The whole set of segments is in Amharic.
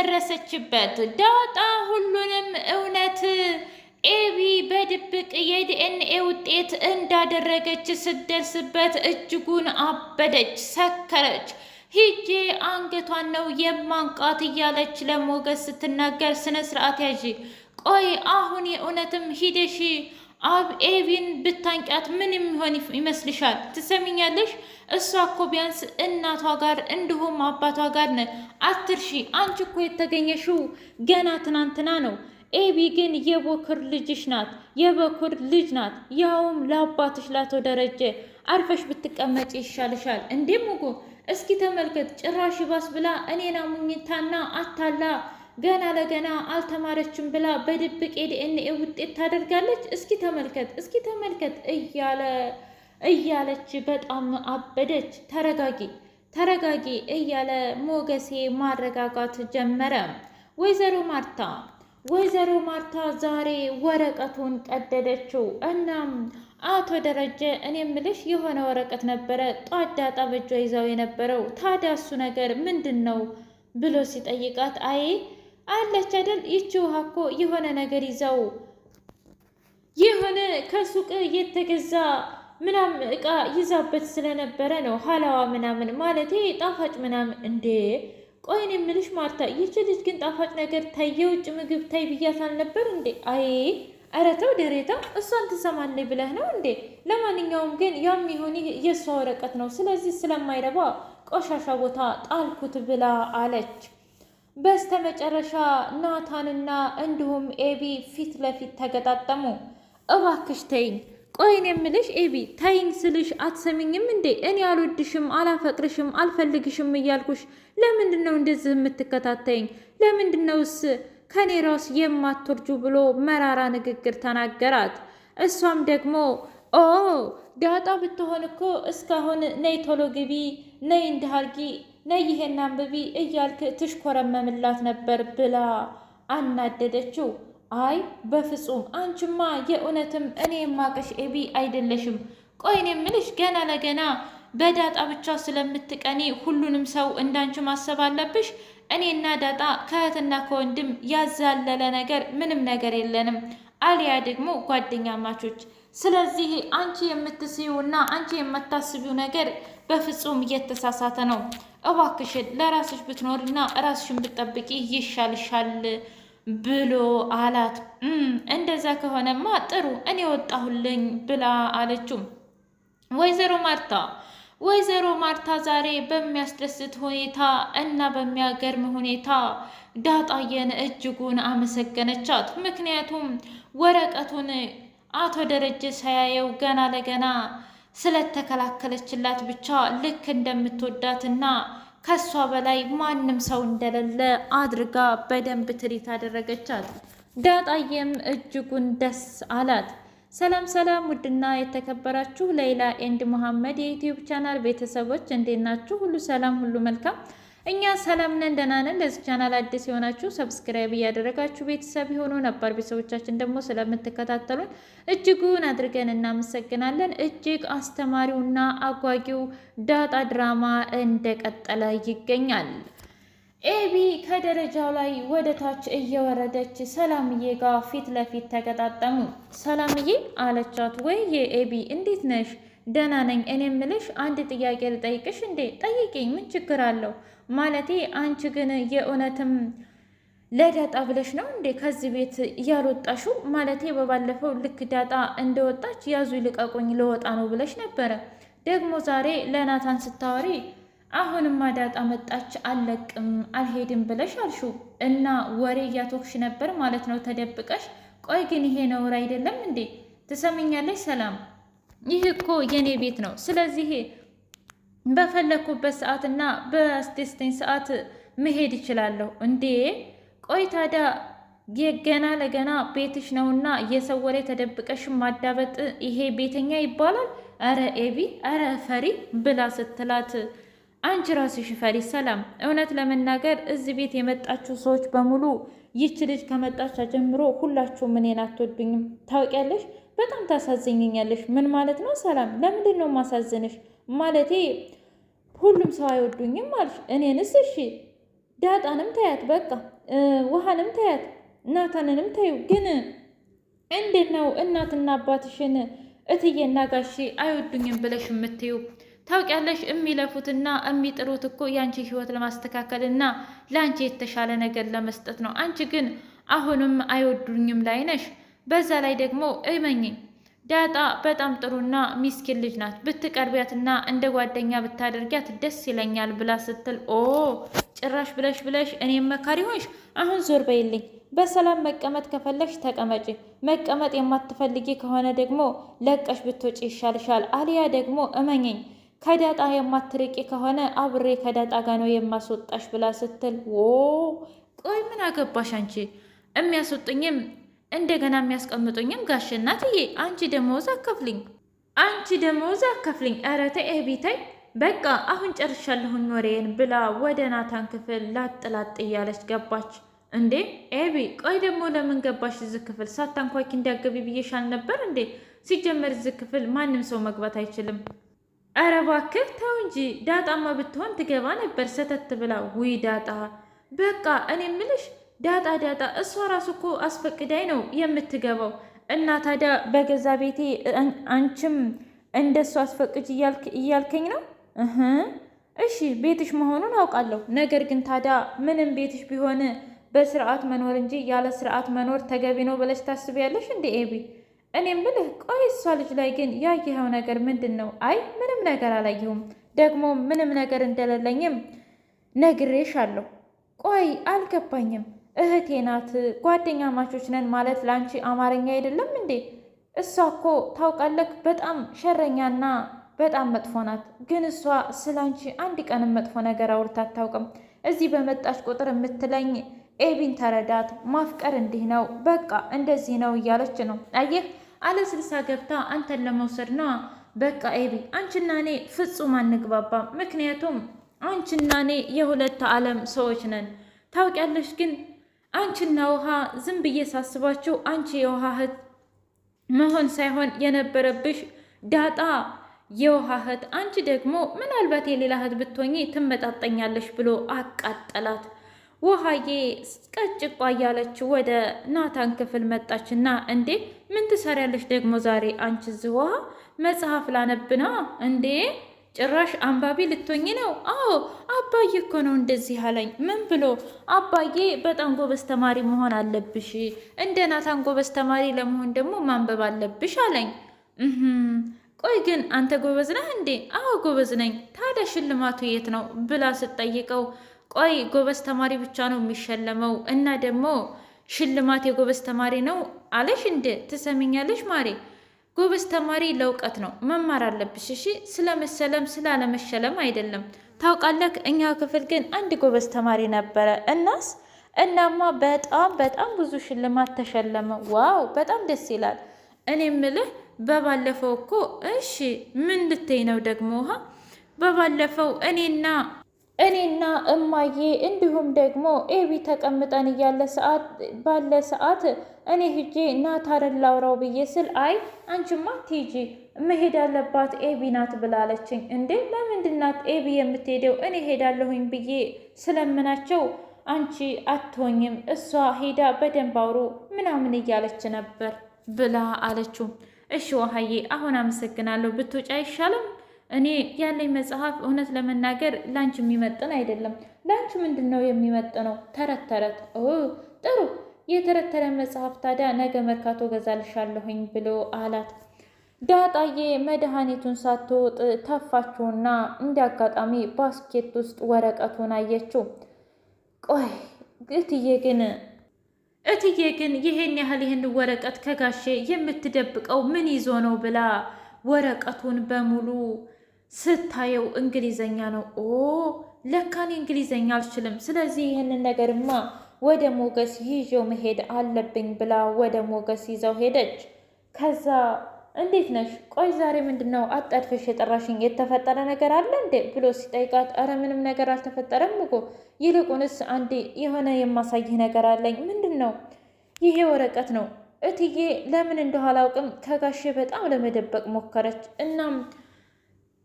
የደረሰችበት ዳጣ ሁሉንም እውነት ኤቢ በድብቅ የዲኤንኤ ውጤት እንዳደረገች ስትደርስበት እጅጉን አበደች፣ ሰከረች። ሂጄ አንገቷን ነው የማንቃት እያለች ለሞገስ ስትናገር ስነ ስርዓት ያዢ፣ ቆይ አሁን የእውነትም ሂደሽ አብ ኤቪን ብታንቂያት ምን የሚሆን ይመስልሻል? ትሰሚኛለሽ? እሷ እኮ ቢያንስ እናቷ ጋር እንዲሁም አባቷ ጋር ነ አትርሺ። አንቺ እኮ የተገኘሽው ገና ትናንትና ነው። ኤቢ ግን የበኩር ልጅሽ ናት፣ የበኩር ልጅ ናት። ያውም ለአባትሽ ላቶ ደረጀ። አርፈሽ ብትቀመጭ ይሻልሻል። እንዴ ሙጎ፣ እስኪ ተመልከት። ጭራሽ ባስ ብላ እኔን አሙኝታና አታላ ገና ለገና አልተማረችም ብላ በድብቅ የዲኤንኤ ውጤት ታደርጋለች። እስኪ ተመልከት፣ እስኪ ተመልከት እያለ እያለች በጣም አበደች። ተረጋጊ ተረጋጊ እያለ ሞገሴ ማረጋጋት ጀመረ። ወይዘሮ ማርታ ወይዘሮ ማርታ ዛሬ ወረቀቱን ቀደደችው። እናም አቶ ደረጀ እኔ ምልሽ የሆነ ወረቀት ነበረ ጧዳጣ በእጇ ይዛው የነበረው ታዲያ እሱ ነገር ምንድን ነው ብሎ ሲጠይቃት አይ አለች አይደል? ይቺ ውሃ እኮ የሆነ ነገር ይዛው የሆነ ከሱቅ የተገዛ ምናምን እቃ ይዛበት ስለነበረ ነው ሀላዋ ምናምን ማለት ጣፋጭ ምናምን። እንዴ ቆይን የምልሽ ማርታ፣ ይቺ ልጅ ግን ጣፋጭ ነገር ታይ፣ የውጭ ምግብ ታይ ብያት አልነበር እንዴ? አይ ኧረ ተው ደሬታ፣ እሷን ትሰማለች ብለህ ነው እንዴ? ለማንኛውም ግን ያም ይሁን የእሷ ወረቀት ነው። ስለዚህ ስለማይረባ ቆሻሻ ቦታ ጣልኩት ብላ አለች። በስተመጨረሻ ናታንና እንዲሁም ኤቢ ፊት ለፊት ተገጣጠሙ። እባክሽ ተይኝ፣ ቆይን የምልሽ ኤቢ፣ ተይኝ ስልሽ አትሰሚኝም እንዴ? እኔ አልወድሽም፣ አላፈቅርሽም፣ አልፈልግሽም እያልኩሽ ለምንድን ነው እንደዚህ የምትከታተይኝ? ለምንድን ነውስ ከኔ ራስ የማትወርጁ ብሎ መራራ ንግግር ተናገራት። እሷም ደግሞ ኦ ዳጣ ብትሆን እኮ እስካሁን ነይ ቶሎ ግቢ፣ ነይ እንዲህ አድርጊ ነይ ይሄን አንብቢ እያልክ ትሽኮረመምላት ነበር ብላ አናደደችው። አይ በፍጹም አንቺማ የእውነትም እኔ የማቀሽ ኤቢ አይደለሽም። ቆይ እኔ የምልሽ ገና ለገና በዳጣ ብቻ ስለምትቀኒ ሁሉንም ሰው እንዳንቺ ማሰብ አለብሽ። እኔና ዳጣ ከእህትና ከወንድም ያዛለለ ነገር ምንም ነገር የለንም፣ አሊያ ደግሞ ጓደኛ ማቾች ስለዚህ አንቺ ና አንቺ የምታስቢው ነገር በፍጹም እየተሳሳተ ነው። እባክሽን ለራስሽ እና ራስሽን ብትጠብቂ ይሻልሻል ብሎ አላት። እንደዛ ከሆነማ ጥሩ እኔ ወጣሁልኝ ብላ አለችው ወይዘሮ ማርታ ወይዘሮ ማርታ ዛሬ በሚያስደስት ሁኔታ እና በሚያገርም ሁኔታ ዳጣየን እጅጉን አመሰገነቻት። ምክንያቱም ወረቀቱን አቶ ደረጀ ሳያየው ገና ለገና ስለተከላከለችላት ብቻ ልክ እንደምትወዳትና ከሷ በላይ ማንም ሰው እንደሌለ አድርጋ በደንብ ትሪት አደረገቻት። ዳጣየም እጅጉን ደስ አላት። ሰላም ሰላም! ውድና የተከበራችሁ ሌይላ ኤንድ መሐመድ የዩትዩብ ቻናል ቤተሰቦች እንዴት ናችሁ? ሁሉ ሰላም፣ ሁሉ መልካም እኛ ሰላም ነን፣ ደህና ነን። ለዚህ ቻናል አዲስ የሆናችሁ ሰብስክራይብ እያደረጋችሁ ቤተሰብ የሆኑ ነባር ቤተሰቦቻችን ደግሞ ስለምትከታተሉን እጅጉን አድርገን እናመሰግናለን። እጅግ አስተማሪውና አጓጊው ዳጣ ድራማ እንደቀጠለ ይገኛል። ኤቢ ከደረጃው ላይ ወደ ታች እየወረደች ሰላምዬ ጋር ፊት ለፊት ተገጣጠሙ። ሰላምዬ አለቻት፣ ወይ ኤቢ እንዴት ነሽ? ደህና ነኝ። እኔ ምልሽ አንድ ጥያቄ ልጠይቅሽ እንዴ? ጠይቂኝ፣ ምን ችግር አለው? ማለቴ አንቺ ግን የእውነትም ለዳጣ ብለሽ ነው እንዴ ከዚህ ቤት እያልወጣሹ? ማለቴ በባለፈው ልክ ዳጣ እንደወጣች ያዙ ይልቀቁኝ ለወጣ ነው ብለሽ ነበረ። ደግሞ ዛሬ ለናታን ስታወሪ አሁንማ ዳጣ መጣች አልለቅም አልሄድም ብለሽ አልሹ እና ወሬ እያቶክሽ ነበር ማለት ነው ተደብቀሽ። ቆይ ግን ይሄ ነውር አይደለም እንዴ? ትሰምኛለሽ ሰላም ይህ እኮ የኔ ቤት ነው። ስለዚህ በፈለግኩበት ሰዓትና በስቴስተኝ ሰዓት መሄድ እችላለሁ። እንዴ ቆይ ታዲያ የገና ለገና ቤትሽ ነውና የሰው ወሬ ተደብቀሽ ማዳበጥ ይሄ ቤተኛ ይባላል? አረ ኤቢ፣ አረ ፈሪ ብላ ስትላት አንቺ ራስሽ ፈሪ። ሰላም፣ እውነት ለመናገር እዚህ ቤት የመጣችሁ ሰዎች በሙሉ ይች ልጅ ከመጣች ጀምሮ ሁላችሁም እኔን አትወዱኝም። ታውቂያለሽ በጣም ታሳዝኝኛለሽ። ምን ማለት ነው ሰላም? ለምንድን ነው ማሳዝንሽ? ማለቴ ሁሉም ሰው አይወዱኝም አልሽ። እኔንስ? እሺ ዳጣንም ታያት፣ በቃ ውሃንም ታያት፣ ናታንንም ታዩ። ግን እንዴት ነው እናትና አባትሽን እትዬና ጋሺ አይወዱኝም ብለሽ የምትዩ? ታውቂያለሽ የሚለፉትና የሚጥሩት እኮ የአንቺ ህይወት ለማስተካከል እና ለአንቺ የተሻለ ነገር ለመስጠት ነው። አንቺ ግን አሁንም አይወዱኝም ላይ ነሽ። በዛ ላይ ደግሞ እመኝኝ ዳጣ በጣም ጥሩና ሚስኪን ልጅ ናት። ብትቀርቢያትና እንደ ጓደኛ ብታደርጊያት ደስ ይለኛል ብላ ስትል ኦ ጭራሽ ብለሽ ብለሽ እኔም መካሪ ሆንሽ። አሁን ዞር በይልኝ። በሰላም መቀመጥ ከፈለሽ ተቀመጪ። መቀመጥ የማትፈልጊ ከሆነ ደግሞ ለቀሽ ብትወጪ ይሻልሻል። አሊያ ደግሞ እመኘኝ ከዳጣ የማትርቂ ከሆነ አብሬ ከዳጣ ጋ ነው የማስወጣሽ ብላ ስትል ኦ ቆይ ምን አገባሽ አንቺ የሚያስወጥኝም እንደገና የሚያስቀምጡኝም ጋሽ እናትዬ፣ አንቺ ደመወዝ አከፍልኝ፣ አንቺ ደመወዝ አከፍልኝ። ኧረ ተይ በቃ አሁን ጨርሻለሁኝ ወሬን ብላ ወደ ናታን ክፍል ላጥ ላጥ እያለች ገባች። እንዴ ኤቢ፣ ቆይ ደግሞ ለምን ገባሽ እዚህ ክፍል? ሳታንኳኪ እንዲያገቢ ብዬሽ አልነበር እንዴ? ሲጀመር እዚህ ክፍል ማንም ሰው መግባት አይችልም። ኧረ እባክህ ተው እንጂ፣ ዳጣማ ብትሆን ትገባ ነበር። ሰተት ብላ ውይ ዳጣ፣ በቃ እኔ ምልሽ ዳጣ ዳጣ እሷ ራሱ እኮ አስፈቅዳይ ነው የምትገባው። እና ታዲያ በገዛ ቤቴ አንቺም እንደሱ አስፈቅጅ እያልከኝ ነው? እሺ ቤትሽ መሆኑን አውቃለሁ። ነገር ግን ታዲያ ምንም ቤትሽ ቢሆን በስርዓት መኖር እንጂ ያለ ስርዓት መኖር ተገቢ ነው ብለሽ ታስቢያለሽ እንዴ ኤቢ? እኔም ብልህ ቆይ፣ እሷ ልጅ ላይ ግን ያየኸው ነገር ምንድን ነው? አይ ምንም ነገር አላየሁም። ደግሞ ምንም ነገር እንደሌለኝም ነግሬሽ አለሁ። ቆይ አልገባኝም። እህቴ ናት። ጓደኛ ማቾች ነን ማለት ለአንቺ አማርኛ አይደለም እንዴ? እሷ እኮ ታውቃለህ፣ በጣም ሸረኛና በጣም መጥፎ ናት። ግን እሷ ስለ አንቺ አንድ ቀንም መጥፎ ነገር አውርታ አታውቅም። እዚህ በመጣች ቁጥር የምትለኝ ኤቢን ተረዳት፣ ማፍቀር እንዲህ ነው፣ በቃ እንደዚህ ነው እያለች ነው። አየህ፣ አለስልሳ ገብታ አንተን ለመውሰድ ነዋ። በቃ ኤቢ፣ አንቺና እኔ ፍጹም አንግባባ ምክንያቱም አንቺና እኔ የሁለት ዓለም ሰዎች ነን። ታውቂያለሽ ግን አንቺና ውሃ ዝም ብዬ ሳስባችሁ አንቺ የውሃ እህት መሆን ሳይሆን የነበረብሽ ዳጣ የውሃ እህት አንቺ ደግሞ ምናልባት የሌላ እህት ብትሆኚ ትመጣጠኛለሽ ብሎ አቃጠላት። ውሃዬ ቀጭቋ እያለች ወደ ናታን ክፍል መጣችና እንዴ ምን ትሰሪያለሽ ደግሞ ዛሬ አንቺ እዚህ ውሃ መጽሐፍ ላነብና እንዴ ጭራሽ አንባቢ ልትሆኝ ነው? አዎ አባዬ እኮ ነው እንደዚህ አለኝ። ምን ብሎ? አባዬ በጣም ጎበዝ ተማሪ መሆን አለብሽ፣ እንደ ናታን ጎበዝ ተማሪ ለመሆን ደግሞ ማንበብ አለብሽ አለኝ። ቆይ ግን አንተ ጎበዝ ነህ እንዴ? አዎ ጎበዝ ነኝ። ታዲያ ሽልማቱ የት ነው ብላ ስትጠይቀው፣ ቆይ ጎበዝ ተማሪ ብቻ ነው የሚሸለመው እና ደግሞ ሽልማት የጎበዝ ተማሪ ነው አለሽ እንዴ? ትሰሚኛለሽ ማሬ ጎበዝ ተማሪ ለእውቀት ነው መማር አለብሽ። እሺ ስለመሰለም ስላለመሸለም አይደለም። ታውቃለህ፣ እኛ ክፍል ግን አንድ ጎበዝ ተማሪ ነበረ። እናስ እናማ በጣም በጣም ብዙ ሽልማት ተሸለመ። ዋው በጣም ደስ ይላል። እኔ ምልህ በባለፈው እኮ እሺ ምን ልትይ ነው ደግሞ ውሃ በባለፈው እኔና እኔና እማዬ እንዲሁም ደግሞ ኤቢ ተቀምጠን እያለ ሰዓት ባለ ሰዓት እኔ ሂጄ ናታንን ላውራው ብዬ ስል አይ አንቺማ ቲጂ መሄድ ያለባት ኤቢ ናት ብላለችኝ። እንዴ ለምንድናት ኤቢ የምትሄደው? እኔ ሄዳለሁኝ ብዬ ስለምናቸው አንቺ አትሆኝም፣ እሷ ሄዳ በደንብ አውሩ ምናምን እያለች ነበር ብላ አለችው። እሺ ውሀዬ አሁን አመሰግናለሁ፣ ብትወጪ አይሻልም እኔ ያለኝ መጽሐፍ እውነት ለመናገር ላንቺ የሚመጥን አይደለም። ላንቺ ምንድን ነው የሚመጥነው? ተረት ተረት። ጥሩ የተረተረ መጽሐፍ ታዲያ ነገ መርካቶ ገዛልሻለሁኝ ብሎ አላት። ዳጣዬ መድኃኒቱን ሳትወጥ ተፋችውና እንደ አጋጣሚ ባስኬት ውስጥ ወረቀቱን አየችው። ቆይ እትዬ ግን እትዬ ግን ይሄን ያህል ይህን ወረቀት ከጋሼ የምትደብቀው ምን ይዞ ነው ብላ ወረቀቱን በሙሉ ስታየው እንግሊዘኛ ነው። ኦ ለካኔ እንግሊዘኛ አልችልም። ስለዚህ ይህንን ነገርማ ወደ ሞገስ ይዤው መሄድ አለብኝ ብላ ወደ ሞገስ ይዛው ሄደች። ከዛ እንዴት ነሽ? ቆይ ዛሬ ምንድን ነው አጣድፈሽ የጠራሽኝ? የተፈጠረ ነገር አለ እንዴ ብሎ ሲጠይቃት፣ አረ ምንም ነገር አልተፈጠረም እኮ ይልቁንስ አንዴ የሆነ የማሳይህ ነገር አለኝ። ምንድን ነው? ይሄ ወረቀት ነው እትዬ። ለምን እንደኋላ አላውቅም ከጋሼ በጣም ለመደበቅ ሞከረች። እናም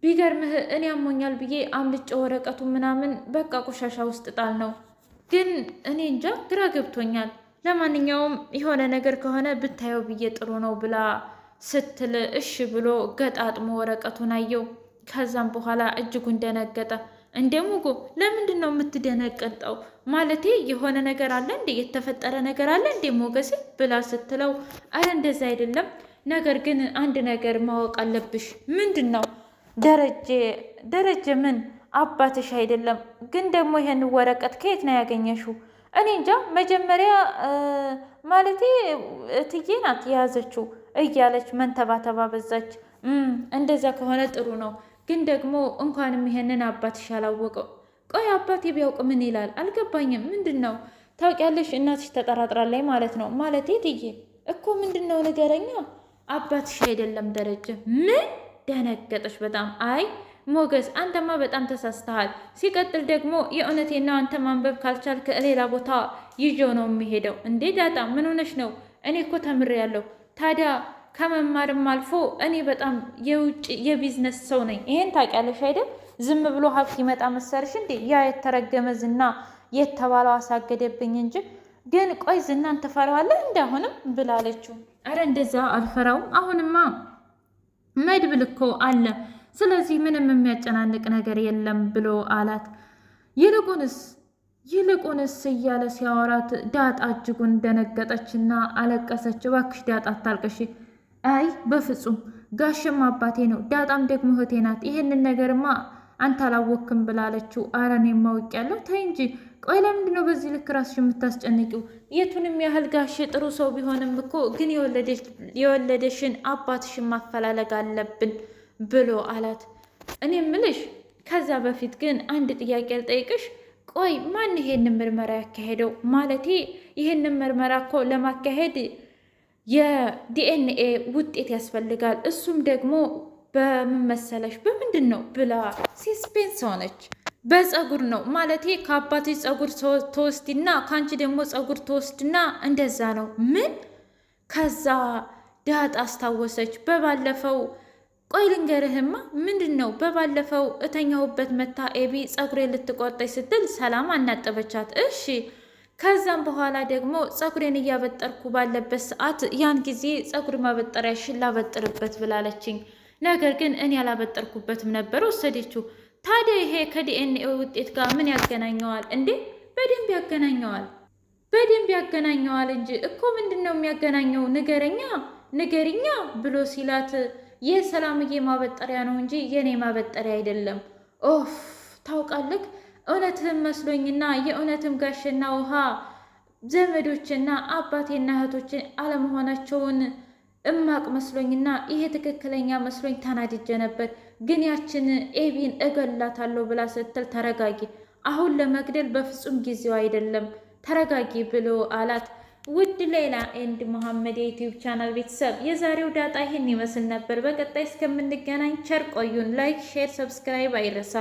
ቢገርምህ እኔ ያሞኛል ብዬ አምልጬ ወረቀቱ ምናምን በቃ ቆሻሻ ውስጥ ጣል ነው። ግን እኔ እንጃ ግራ ገብቶኛል። ለማንኛውም የሆነ ነገር ከሆነ ብታየው ብዬ ጥሩ ነው ብላ ስትል እሽ ብሎ ገጣጥሞ ወረቀቱን አየው። ከዛም በኋላ እጅጉን ደነገጠ። እንደ ሙጎ ለምንድን ነው የምትደነቀጠው? ማለቴ የሆነ ነገር አለ እንዴ? የተፈጠረ ነገር አለ እንዴ ሞገሴ? ብላ ስትለው አረ እንደዛ አይደለም፣ ነገር ግን አንድ ነገር ማወቅ አለብሽ። ምንድን ነው ደረጀ ደረጀ ምን አባትሽ አይደለም። ግን ደግሞ ይሄን ወረቀት ከየት ነው ያገኘሽው? እኔ እንጃ። መጀመሪያ ማለቴ እትዬ ናት የያዘችው እያለች መንተባተባ በዛች። እንደዛ ከሆነ ጥሩ ነው። ግን ደግሞ እንኳንም ይሄንን አባትሽ አላወቀው። ቆይ አባቴ ቢያውቅ ምን ይላል? አልገባኝም። ምንድን ነው ታውቂያለሽ? እናትሽ ተጠራጥራለች ማለት ነው። ማለቴ እትዬ እኮ ምንድን ነው ንገረኛ። አባትሽ አይደለም ደረጀ ምን ደነገጠች በጣም አይ ሞገስ አንተማ በጣም ተሳስተሃል። ሲቀጥል ደግሞ የእውነቴና አንተ ማንበብ ካልቻል ከሌላ ቦታ ይዤው ነው የሚሄደው። እንዴ ዳጣ ምን ሆነሽ ነው? እኔ እኮ ተምሬያለሁ። ታዲያ ከመማርም አልፎ እኔ በጣም የውጭ የቢዝነስ ሰው ነኝ። ይሄን ታውቂያለሽ አይደል? ዝም ብሎ ሀብት ይመጣ መሰርሽ እንዴ? ያ የተረገመ ዝና የተባለው አሳገደብኝ እንጂ ግን ቆይ ዝናን ትፈራዋለህ እንደ አሁንም ብላለችው። አረ እንደዛ አልፈራውም አሁንማ መድብል እኮ አለ፣ ስለዚህ ምንም የሚያጨናንቅ ነገር የለም ብሎ አላት። ይልቁንስ ይልቁንስ እያለ ሲያወራት ዳጣ እጅጉን ደነገጠችና አለቀሰች። እባክሽ ዳጣ ታልቀሽ አይ በፍጹም ጋሽም አባቴ ነው፣ ዳጣም ደግሞ እህቴ ናት። ይህንን ነገርማ አንተ አላወክም ብላለችው። አረ እኔም አውቄያለሁ። ተይ እንጂ ቆይ ነው በዚህ ልክ ራስሽ የምታስጨንቂው? የቱንም ያህል ጋሽ ጥሩ ሰው ቢሆንም እኮ ግን የወለደሽን አባትሽን ማፈላለግ አለብን ብሎ አላት። እኔ ምልሽ ከዛ በፊት ግን አንድ ጥያቄ ልጠይቅሽ። ቆይ ማን ይሄንን ምርመራ ያካሄደው? ማለቴ ይህንን ምርመራ እኮ ለማካሄድ የዲኤንኤ ውጤት ያስፈልጋል። እሱም ደግሞ በምን መሰለሽ በምንድን ነው ብላ ሲስፔንስ ሆነች። በፀጉር ነው ማለቴ ከአባትሽ ፀጉር ተወስድና ከአንቺ ደግሞ ፀጉር ተወስድና እንደዛ ነው ምን ከዛ ዳጣ አስታወሰች በባለፈው ቆይ ልንገርህማ ምንድን ነው በባለፈው እተኛሁበት መታ ኤቢ ፀጉሬ ልትቆርጠች ስትል ሰላም አናጠበቻት እሺ ከዛም በኋላ ደግሞ ፀጉሬን እያበጠርኩ ባለበት ሰዓት ያን ጊዜ ፀጉር ማበጠሪያሽን ላበጥርበት ብላለችኝ ነገር ግን እኔ አላበጠርኩበትም ነበር ወሰደችው ታዲያ ይሄ ከዲኤንኤ ውጤት ጋር ምን ያገናኘዋል እንዴ? በደንብ ያገናኘዋል፣ በደንብ ያገናኘዋል እንጂ እኮ ምንድን ነው የሚያገናኘው? ንገረኛ ንገርኛ ብሎ ሲላት የሰላምዬ ማበጠሪያ ነው እንጂ የእኔ ማበጠሪያ አይደለም። ኦፍ ታውቃልክ፣ እውነትህም መስሎኝና የእውነትም ጋሽና ውሃ ዘመዶችና አባቴና እህቶችን አለመሆናቸውን እማቅ መስሎኝና ይሄ ትክክለኛ መስሎኝ ተናድጄ ነበር። ግን ያችን ኤቢን እገላታለሁ ብላ ስትል ተረጋጊ፣ አሁን ለመግደል በፍጹም ጊዜው አይደለም፣ ተረጋጊ ብሎ አላት። ውድ ሌላ ኤንድ መሐመድ የዩቲዩብ ቻናል ቤተሰብ የዛሬው ዳጣ ይህን ይመስል ነበር። በቀጣይ እስከምንገናኝ ቸር ቆዩን። ላይክ፣ ሼር፣ ሰብስክራይብ አይረሳ።